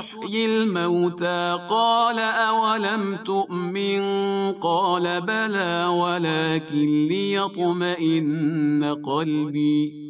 يحيي الموتى قال أولم تؤمن قال بلى ولكن ليطمئن قلبي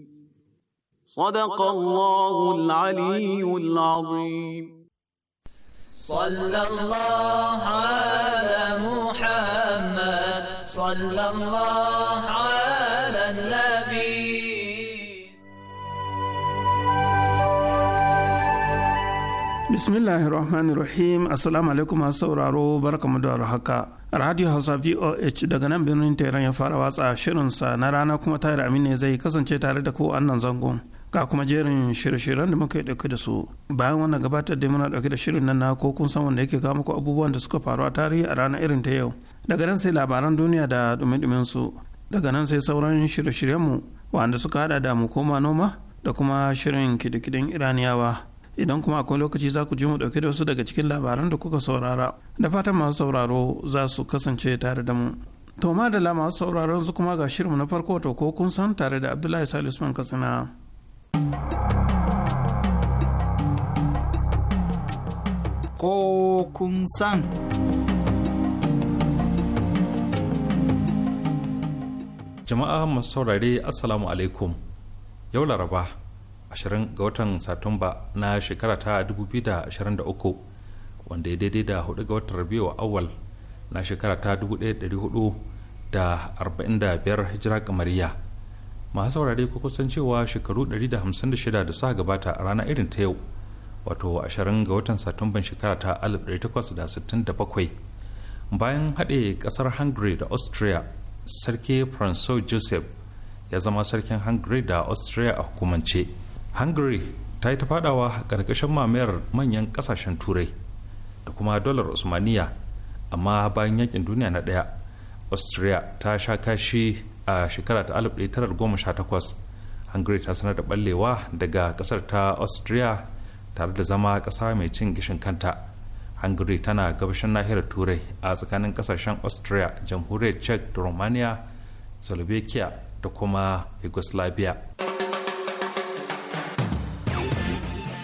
صدق الله العلي العظيم صلى الله على محمد صلى الله على النبي bismillahi rahmanir rahim assalamu alaikum masu sauraro barkamu da haka radio hausa voh daga nan birnin teran ya fara watsa shirinsa na rana kuma tare ne zai kasance tare da ko annan zangon ga kuma jerin shirye-shiryen da muka yi dauke da su bayan wannan gabatar da muna dauke da shirin nan na ko kun san wanda yake kawo muku abubuwan da suka faru a tarihi a ranar irin ta yau daga nan sai labaran duniya da dumi su daga nan sai sauran shirye shiryen mu wanda suka hada da mu koma noma da kuma shirin kidikidin iraniyawa idan kuma akwai lokaci za ku ji mu ɗauke da wasu daga cikin labaran da kuka saurara da fatan masu sauraro za su kasance tare da mu to ma da masu sauraron su kuma ga shirinmu na farko to ko kun san tare da abdullahi salisu man katsina Ko kun san. Jama'a masu saurare Assalamu alaikum. Yau Laraba, 20 ga watan Satumba na shekara ta 2023, wanda ya daidai da 4 ga watan Rabiu awal na shekara ta 1445 hijira kamariya. masu saurare ko kusan cewa shekaru 156 da suka gabata a rana irin ta yau wato 20 ga watan satumban shekara ta 1867 bayan haɗe ƙasar hungary da austria sarki francois joseph ya zama sarkin hungary da austria a hukumance hungary ta yi ta fadawa ƙarƙashin mamayar manyan ƙasashen turai da kuma dolar usmaniya amma bayan yakin duniya na ɗaya austria ta sha kashi a shekara ta 1918 hungary ta sanar da ballewa daga kasar ta austria tare da zama kasa mai cin gishin kanta hungary tana gabashin nahiyar turai a tsakanin kasashen austria jamhuriyar czech da romania slovakia da kuma yugoslavia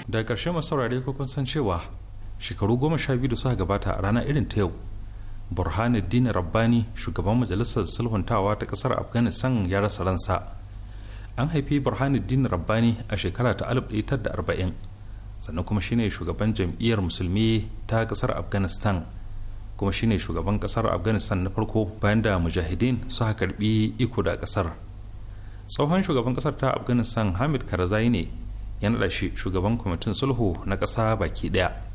da ƙarshe masu saurare kun san cewa shekaru goma sha biyu da suka gabata a ranar irin ta yau burhanuddin rabbani shugaban majalisar sulhuntawa ta kasar afghanistan ya rasa ransa an haifi burhanuddin rabbani a shekara ta 1940 sannan kuma shine shugaban jam'iyyar musulmi ta kasar afghanistan kuma shine shugaban kasar afghanistan na farko bayan da mujahideen suka karbi iko da kasar tsohon shugaban kasar ta afghanistan hamid karzai ne ya naɗa shi shugaban kwamitin sulhu na ƙasa baki ɗaya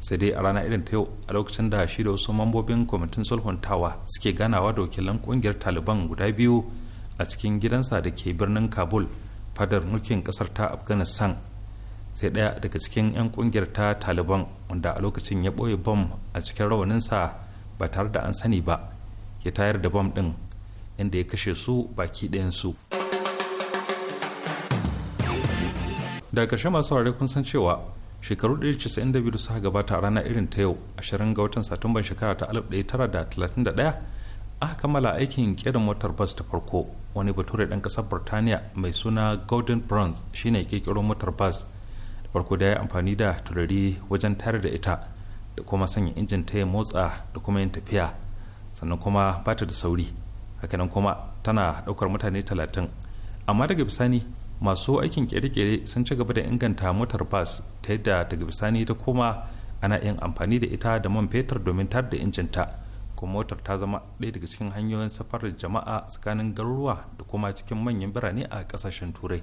sai dai a rana irin ta yau a lokacin da shi da wasu mambobin kwamitin tawa suke ganawa da wakilan kungiyar taliban guda biyu a cikin gidansa da ke birnin kabul fadar mulkin kasar ta afghanistan sai ɗaya daga cikin 'yan kungiyar ta taliban wanda a lokacin ya boye bom a cikin rawaninsa ba tare da an sani ba ya tayar da bom ɗin inda ya kashe su baki ɗayansu daga ƙarshe masu kun san cewa shekaru 192 da suka gabata a ranar irin ta yau 20 ga watan satumban shekara ta 1931 aka kammala aikin kiran motar bas ta farko wani bature dan kasar burtaniya mai suna golden bronze shine kirkiro motar bas da farko da ya amfani da turare wajen tare da ita da kuma sanya injin ta ya motsa da kuma yin tafiya sannan kuma bata da sauri hakanan kuma tana daukar mutane talatin amma daga bisani masu aikin kere-kere sun ci gaba da inganta motar bas ta yadda daga bisani ta koma ana yin amfani da ita da man fetur domin tar da injinta kuma motar ta zama ɗaya daga cikin hanyoyin safarar jama'a tsakanin garuruwa da kuma cikin manyan birane a ƙasashen turai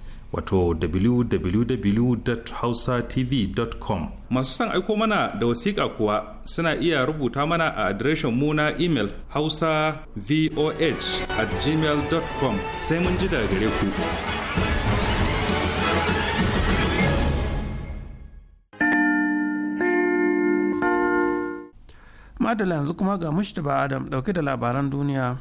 wato www.hausatv.com masu son aiko mana da wasiƙa kuwa suna iya rubuta mana a adireshin mu na imel hausa voh at gmail.com sai mun ji daga gare ku madala yanzu kuma ga mushtaba adam dauke da labaran duniya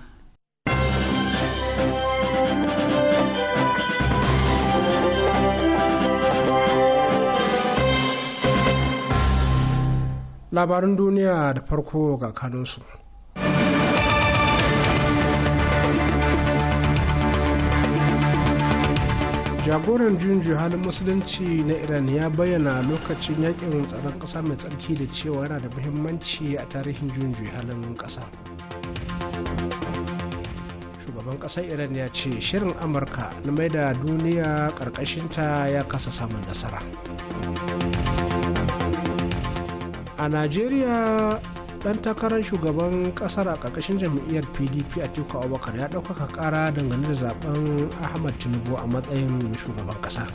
labarin duniya da farko ga kanunsu. jagoran junju halin musulunci na iran ya bayyana lokacin yakin tsaron ƙasa mai tsarki da cewa yana da muhimmanci a tarihin junju halin ƙasa shugaban ƙasar iran ya ce shirin amurka na mai da duniya ƙarƙashinta ya kasa samun nasara a najeriya dan takarar shugaban kasar a ƙarƙashin jam'iyyar pdp a teku abubakar ya ɗaukaka ƙara dangane da zaben ahmad tinubu a matsayin shugaban ƙasa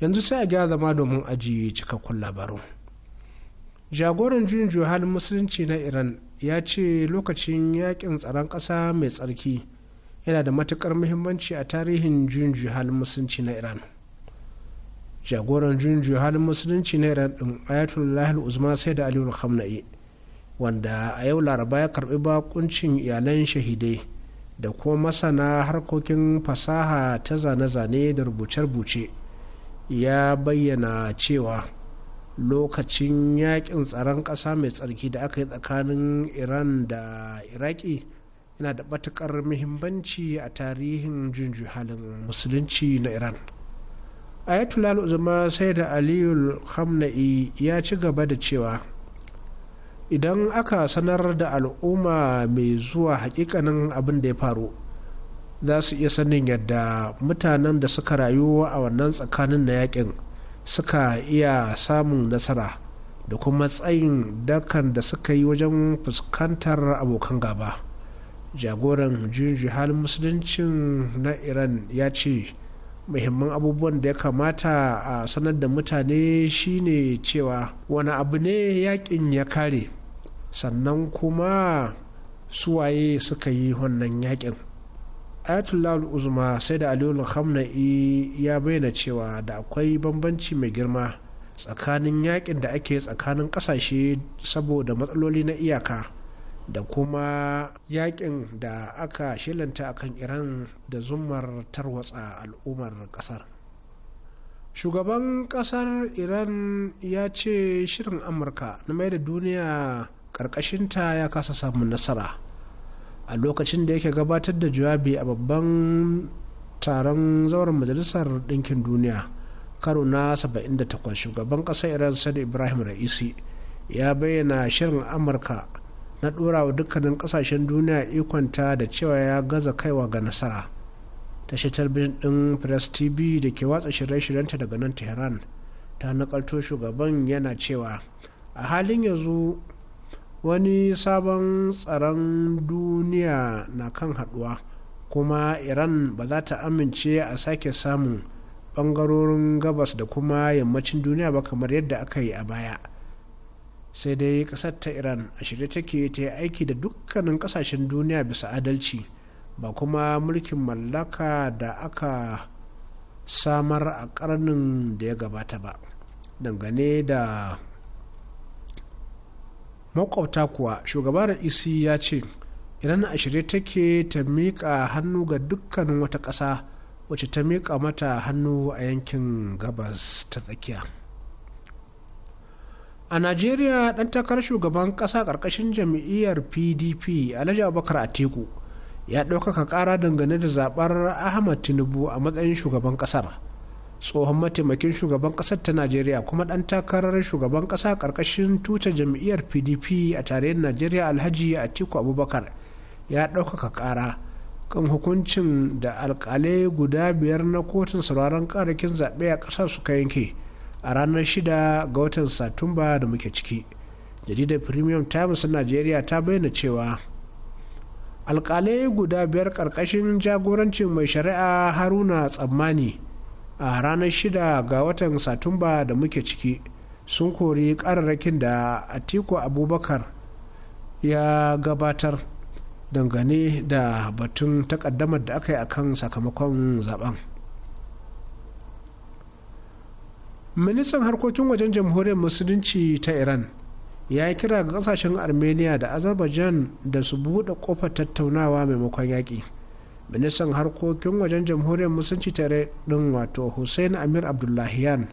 yanzu sai a gyara zama domin ajiye cikakkun labaru jagoran juyin halin musulunci na iran ya ce lokacin yakin tsaron ƙasa mai tsarki yana da matukar muhimmanci a tarihin juyin halin musulunci na iran jagoran junju halin musulunci na iran din ayatollah uzma sai da aliyu khamna'i wanda a yau laraba ya karbi bakuncin iyalan shahidai da kuma masana harkokin fasaha ta zane-zane da rubuce-rubuce ya bayyana cewa lokacin yakin tsaron ƙasa mai tsarki da aka yi tsakanin iran da iraki yana da matukar muhimmanci a tarihin junju halin musulunci na iran ayatollah al’uzuma sai da aliyu hamna'i ya ci gaba da cewa idan aka sanar da al'umma mai zuwa hakikanin abin da ya faru za su iya sanin yadda mutanen da suka rayu a wannan tsakanin na yakin suka iya samun nasara da kuma tsayin dakan da suka yi wajen fuskantar abokan gaba jagoran juyin halin musuluncin na iran ya ce muhimman abubuwan da ya kamata a sanar da mutane shine cewa wani abu ne yakin ya kare sannan kuma suwaye suka yi wannan yakin ayatollah al'uzma sai da aliyu ya bayyana cewa da akwai bambanci mai girma tsakanin yakin da ake tsakanin kasashe saboda matsaloli na iyaka da kuma yakin da aka shilanta akan iran da zumar tarwatsa al'ummar kasar shugaban kasar iran ya ce shirin amurka na mai da duniya karkashinta ya kasa samun nasara a lokacin da yake gabatar da jawabi a babban taron zauren majalisar ɗinkin duniya karo na 78 shugaban ƙasar iran sani ibrahim ra'isi ya bayyana shirin amurka na ɗora wa dukkanin ƙasashen duniya ikonta da cewa ya gaza kaiwa ga nasara tashar talbijin ɗin press tv da ke watsa shirye-shiryenta daga nan tehran ta nakalto shugaban yana cewa a halin yanzu wani sabon tsaron duniya na kan haɗuwa kuma iran ba za ta amince a sake samun ɓangarorin gabas da kuma yammacin duniya ba kamar yadda aka yi a baya sai dai kasar ta iran a shirye take ta yi aiki da dukkanin kasashen duniya bisa adalci ba kuma mulkin mallaka da aka samar a karnin da ya gabata ba dangane da makwabta kuwa shugaban isi ya ce iran a shirye take ta miƙa hannu ga dukkanin wata ƙasa wacce ta miƙa mata hannu a yankin gabas ta tsakiya a najeriya dan takarar shugaban kasa karkashin jam'iyyar pdp alhaji abubakar atiku ya ɗaukaka ƙara dangane da zaɓar ahmad tinubu a matsayin shugaban ƙasar tsohon mataimakin shugaban ƙasar ta najeriya kuma ɗan takarar shugaban ƙasa ƙarƙashin tuta jam'iyyar pdp a tarayyar najeriya alhaji atiku abubakar ya ɗaukaka ƙara kan hukuncin da alƙalai guda biyar na kotun sauraron karakin zaɓe a ƙasar suka yanke a ranar 6 ga watan satumba da muke ciki jaridar premium times najeriya ta bayyana cewa alkalai guda biyar karkashin jagorancin mai shari'a haruna tsammani a ranar 6 ga watan satumba da muke ciki sun kori kararrakin da atiku abubakar ya gabatar dangane da batun takaddamar da aka yi akan sakamakon zaben ministan harkokin wajen jamhuriyar musulunci ta iran ya yi kira ga kasashen armenia da azerbaijan da su buɗe ƙofar tattaunawa maimakon yaƙi ministan harkokin wajen jamhuriyar musulunci ta din wato hussein amir abdullahiyan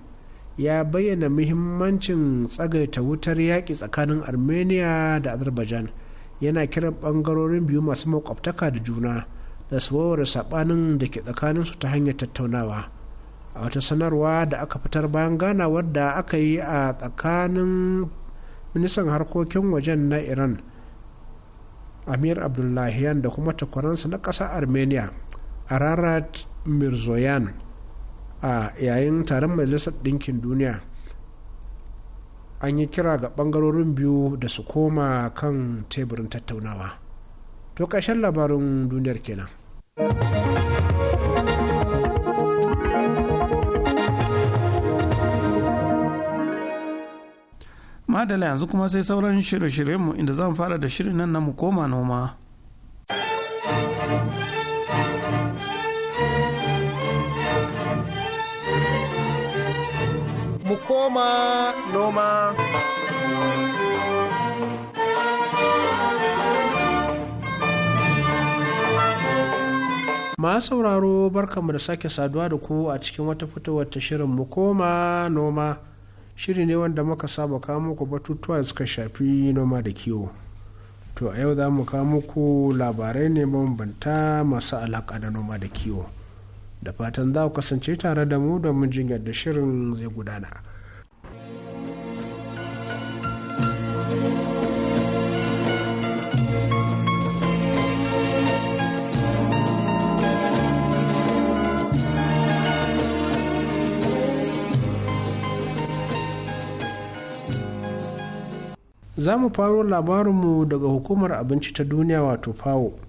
ya bayyana muhimmancin tsagaita wutar yaƙi tsakanin armenia da azerbaijan yana kiran ɓangarorin biyu masu makwabtaka da juna da su saɓanin da ke tsakaninsu ta hanyar tattaunawa a wata sanarwa da aka fitar bayan gana wadda aka yi a tsakanin ministan harkokin wajen na iran amir abdullahian da kuma takwaransa na ƙasar armenia ararat mirzoyan a yayin taron majalisar ɗinkin duniya an yi kira ga ɓangarorin biyu da su koma kan teburin tattaunawa to ƙarshen labarin duniyar kenan. da yanzu kuma sai sauran shirye mu inda zan fara da shirin nan na mu koma noma. mu koma noma. Masu sauraro barkanmu da sake saduwa da ku a cikin wata fitowar ta shirin mu koma noma. shiri ne wanda muka saba kawo muku batutuwa da suka shafi noma da kiwo to a yau za mu kawo muku labarai ne mabambanta masu alaƙa da noma da kiwo da fatan za ku kasance tare da mu domin jin yadda shirin zai gudana. za mu faro labarinmu daga hukumar abinci ta duniya wato fawo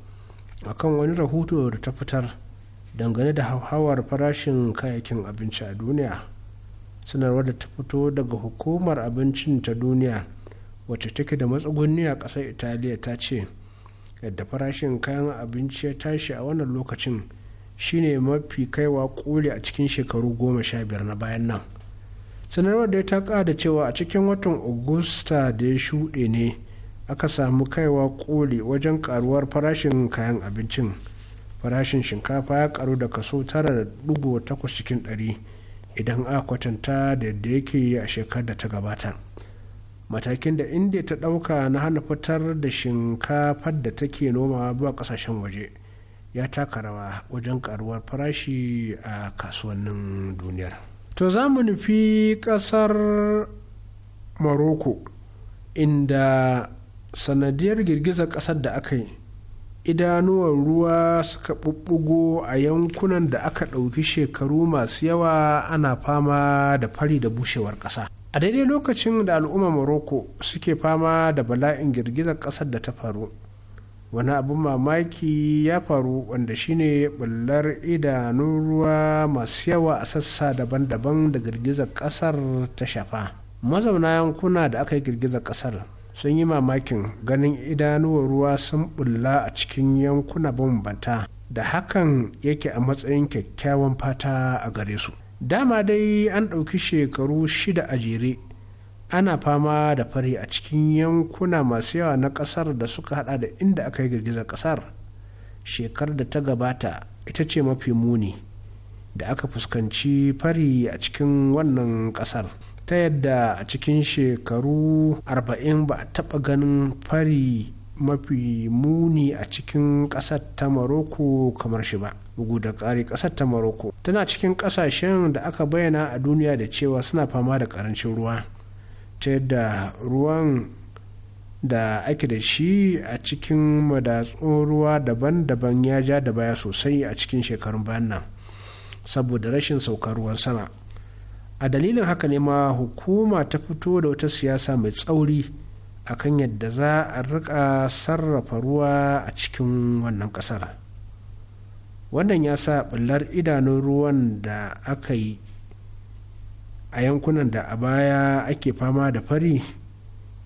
kan wani rahoto da ta fitar dangane da hauhawar farashin kayayyakin abinci a duniya sanarwar da ta fito daga hukumar abincin ta duniya wacce take da matsugunni a ƙasar italiya ta ce yadda farashin kayan abinci ya tashi a wannan lokacin shine mafi kaiwa koli a cikin shekaru goma sha biyar na bayan nan sanarwar da ta kada cewa a cikin watan augusta da ya shuɗe ne aka samu kaiwa koli wajen karuwar farashin kayan abincin farashin shinkafa ya karu da kaso 9.8 cikin ɗari idan a kwatanta da yadda yake a shekarar da ta gabata matakin da india ta ɗauka na hana fitar da shinkafar da take nomawa ba ƙasashen waje ya taka rawa wajen karuwar farashi a kasuwannin duniyar. to za mu nufi ƙasar morocco inda sanadiyar girgizar ƙasar da aka yi idanuwan ruwa suka ɓuɓɓugo a yankunan da aka ɗauki shekaru masu yawa ana fama da fari da bushewar ƙasa a daidai lokacin da al'ummar morocco suke fama da bala'in girgizar ƙasar da ta faru wani abin mamaki ya faru wanda shine bullar idanun ruwa masu yawa a sassa daban-daban da girgizar kasar ta shafa mazauna yankuna da aka yi girgizar kasar sun yi mamakin ganin idanuwar ruwa sun bulla a cikin yankuna bambanta da hakan yake a matsayin kyakkyawan fata a gare su dama dai an ɗauki shekaru shida a jere ana fama da fari a cikin yankuna masu yawa na kasar da suka hada da inda aka yi girgizar kasar shekar da ta gabata ita ce mafi muni da aka fuskanci fari a cikin wannan kasar ta yadda a cikin shekaru 40 ba a taba ganin fari mafi muni a cikin ƙasar ta maroko kamar shi ba bugu da ƙari ƙasar ta maroko tana cikin ƙasashen da aka bayyana a duniya da cewa suna fama da ƙarancin ruwa ta yadda ruwan da ake da shi a cikin madatsun ruwa daban-daban ya ja da baya sosai a cikin shekarun bayan nan saboda rashin saukar ruwan sama a dalilin haka ne ma hukuma ta fito da wata siyasa mai tsauri a kan yadda za a rika sarrafa ruwa a cikin wannan kasar wannan ya sa ɓullar idanun ruwan da aka yi a yankunan da a baya ake fama da fari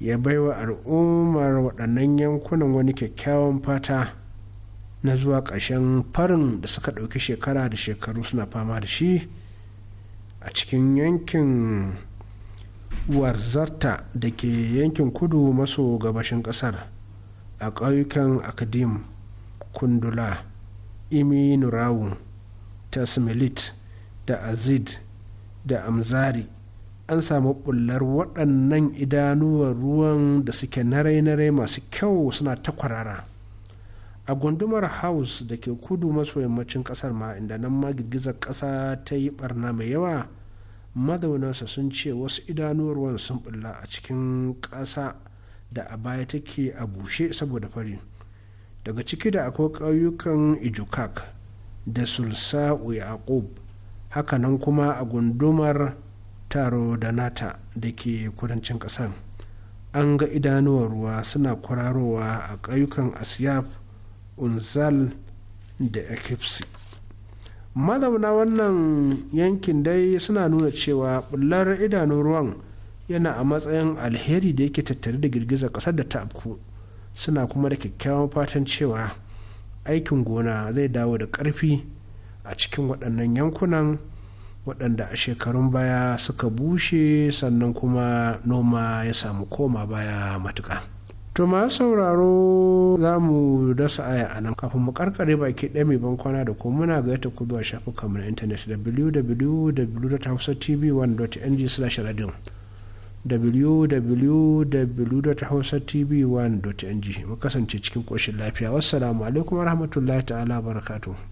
ya baiwa al'ummar waɗannan yankunan wani kyakkyawan fata na zuwa ƙarshen farin da suka ɗauki shekara da shekaru suna fama da shi a cikin yankin warzarta da ke yankin kudu maso gabashin ƙasar a ƙauyukan akadim kundula imi nurawu tasmilit da azid da amzari an samu bullar waɗannan idanuwar ruwan da suke narai-narai masu kyau suna ta kwarara a gundumar house da ke kudu maso yammacin ƙasar ma inda nan ma girgizar ƙasa ta yi barna mai yawa mazaunansa sun ce wasu idanuwar ruwan sun bulla a cikin ƙasa da a baya take a bushe saboda fari daga ciki da akwai ƙauyukan ijukak da sulsa yaqub hakanan kuma a gundumar taro da nata da ke kudancin ƙasar an ga idanuwar ruwa suna kwararowa a ƙauyukan asiyaf unzal da ekipsi mazauna wannan yankin dai suna nuna cewa bullar idanun ruwan yana a matsayin alheri da yake tattare da girgizar ƙasar da ta afku suna kuma da kyakkyawan fatan cewa aikin gona zai dawo da ƙarfi a cikin waɗannan yankunan waɗanda a shekarun baya suka bushe sannan kuma noma ya samu koma baya matuka. To ma sauraro za mu dasa aya a nan kafin mu karkare baki ɗaya mai bankwana da kuma muna ga yata ku zuwa shafukan mu na intanet www.hausatv1.ng slash radio www.hausatv1.ng mu kasance cikin koshin lafiya wassalamu alaikum warahmatullahi ta'ala barakatuh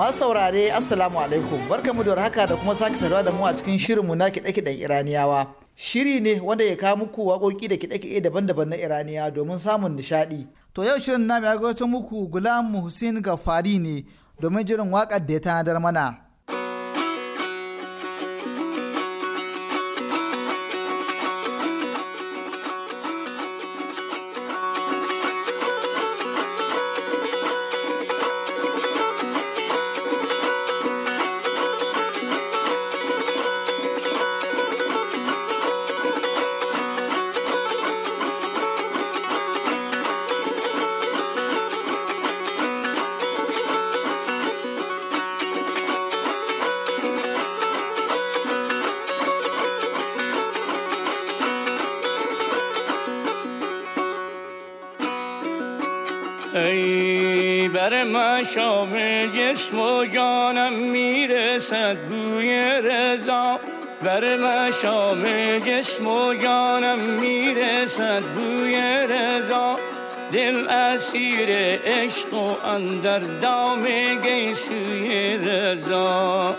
masu saurare assalamu alaikum barkamu da haka da kuma sake saduwa da mu a cikin shirinmu na kiɗe-kiɗen iraniyawa shiri ne wanda ya kawo muku waƙoƙi da kiɗe-kiɗe daban-daban na iraniya domin samun nishaɗi to yau shirin na ya gabatar muku gulam hussein gafari ne domin jiran wakar da ya tanadar mana چشم و جانم میرسد بوی رضا بر مشام جسم و جانم میرسد بوی رضا دل اسیر عشق و اندر دام گیسوی رضا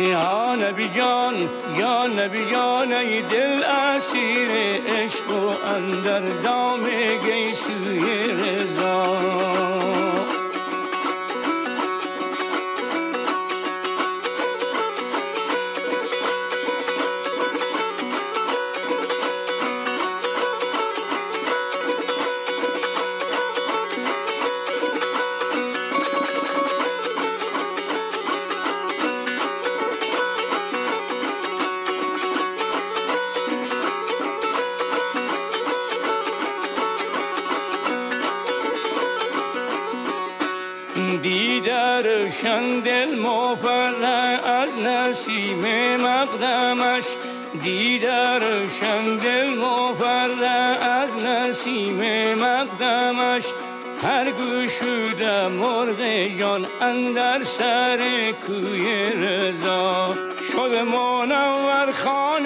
یا نبی جان یا نبی جان ای دل اسیر عشق و اندر دام گیسوی رضا شن دل مفرح از نسیم مقدمش شن دل مفرح از نسیم مقدمش هر گوشوده مرغ جان اندر سر کوی رضا شد منور خان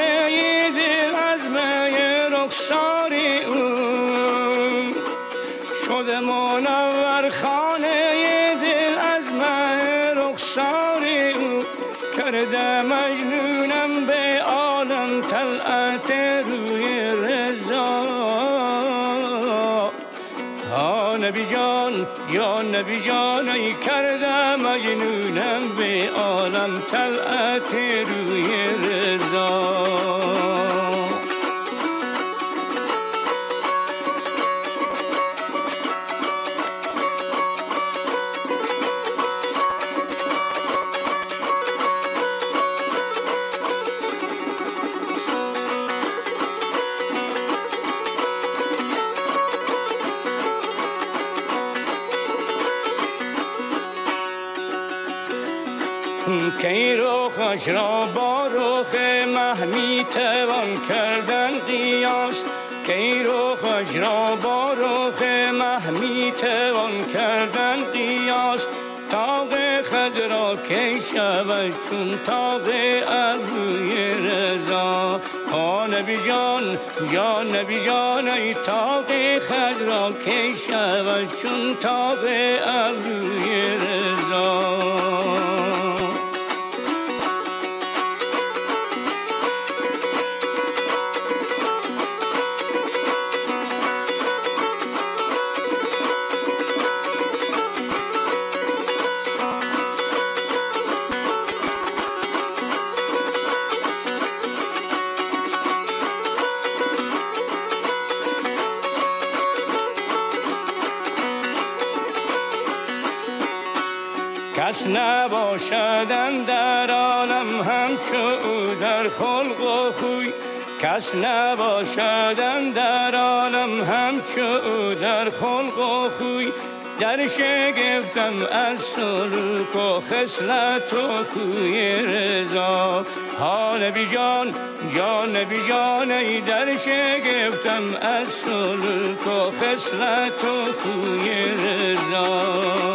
بیانایی کردم اینونم به عالم طلعت روی رضا می توان کردن قیاس کی رو خوش را با روخ مه می توان کردن قیاس تاغ خد را کی شود چون تاق عبوی رضا ها نبی جان یا نبی جان ای تاغ خد را کی شود چون تاغ عبوی کس نباشدم در عالم همچو او در خلق و خوی در شگفتم از سلوک و خصلت و کوی رضا حال بی جان یا بی جان ای در شگفتم از سلوک و خصلت و خوی رضا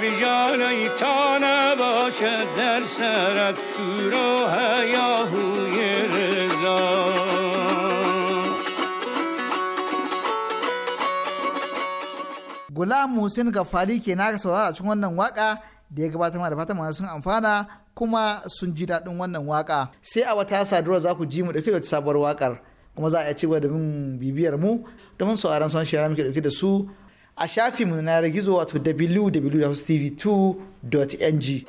بیگانه تا نباشد در سرت کور هیاهوی رضا Gulam Hussein Gafari ke na saurara cikin wannan waka da ya gabatar da fatan masu sun amfana kuma sun ji daɗin wannan waka sai a wata sadarwa za ku ji mu dauke da sabuwar wakar kuma za a ci cewa da bin bibiyar mu domin sauraron son shara muke ɗauke da su a shafinmu na gizo wato www.tv2.ng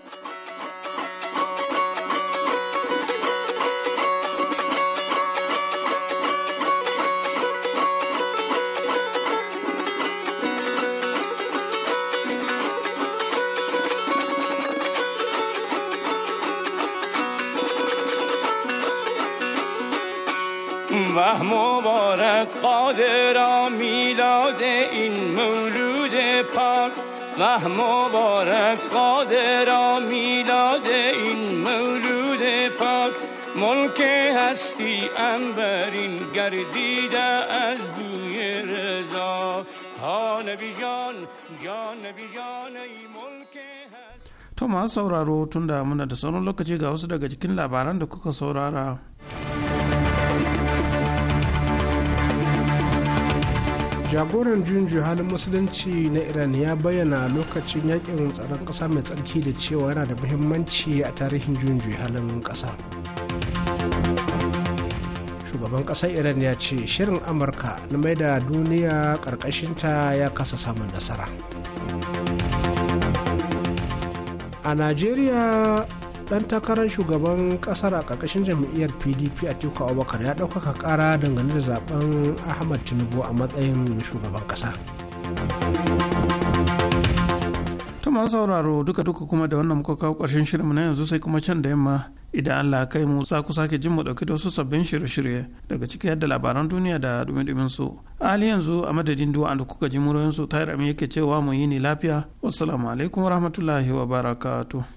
و مبارک قادر میلاد این مولود پاک ملکه هستی انبرین گردیده از دوی رضا ها نبی جان جان نبی تو ما سورا رو تون دامونه دسانون لکه چی گاوس داگه چکین لباران دکو که سورا را jagoran juya halin musulunci na iran ya bayyana lokacin yakin tsaron ƙasa mai tsarki da cewa yana da muhimmanci a tarihin juya halin ƙasa shugaban ƙasar iran ya ce shirin amurka na mai da duniya ƙarƙashinta ya kasa samun nasara a najeriya dan takarar shugaban kasar a ƙarƙashin jam'iyyar pdp a teku abubakar ya ɗaukaka kara dangane da zaben ahmad tinubu a matsayin shugaban ƙasa ta masu sauraro duka duka kuma da wannan muka kawo ƙarshen shirinmu na yanzu sai kuma can da yamma idan allah kai mu za ku sake jin mu ɗauki da wasu sabbin shirye-shirye daga ciki yadda labaran duniya da dumi-dumin su a hali yanzu a madadin duwa da kuka ji murayen su tayar yake cewa mu yi ni lafiya wassalamu alaikum wa wabarakatuh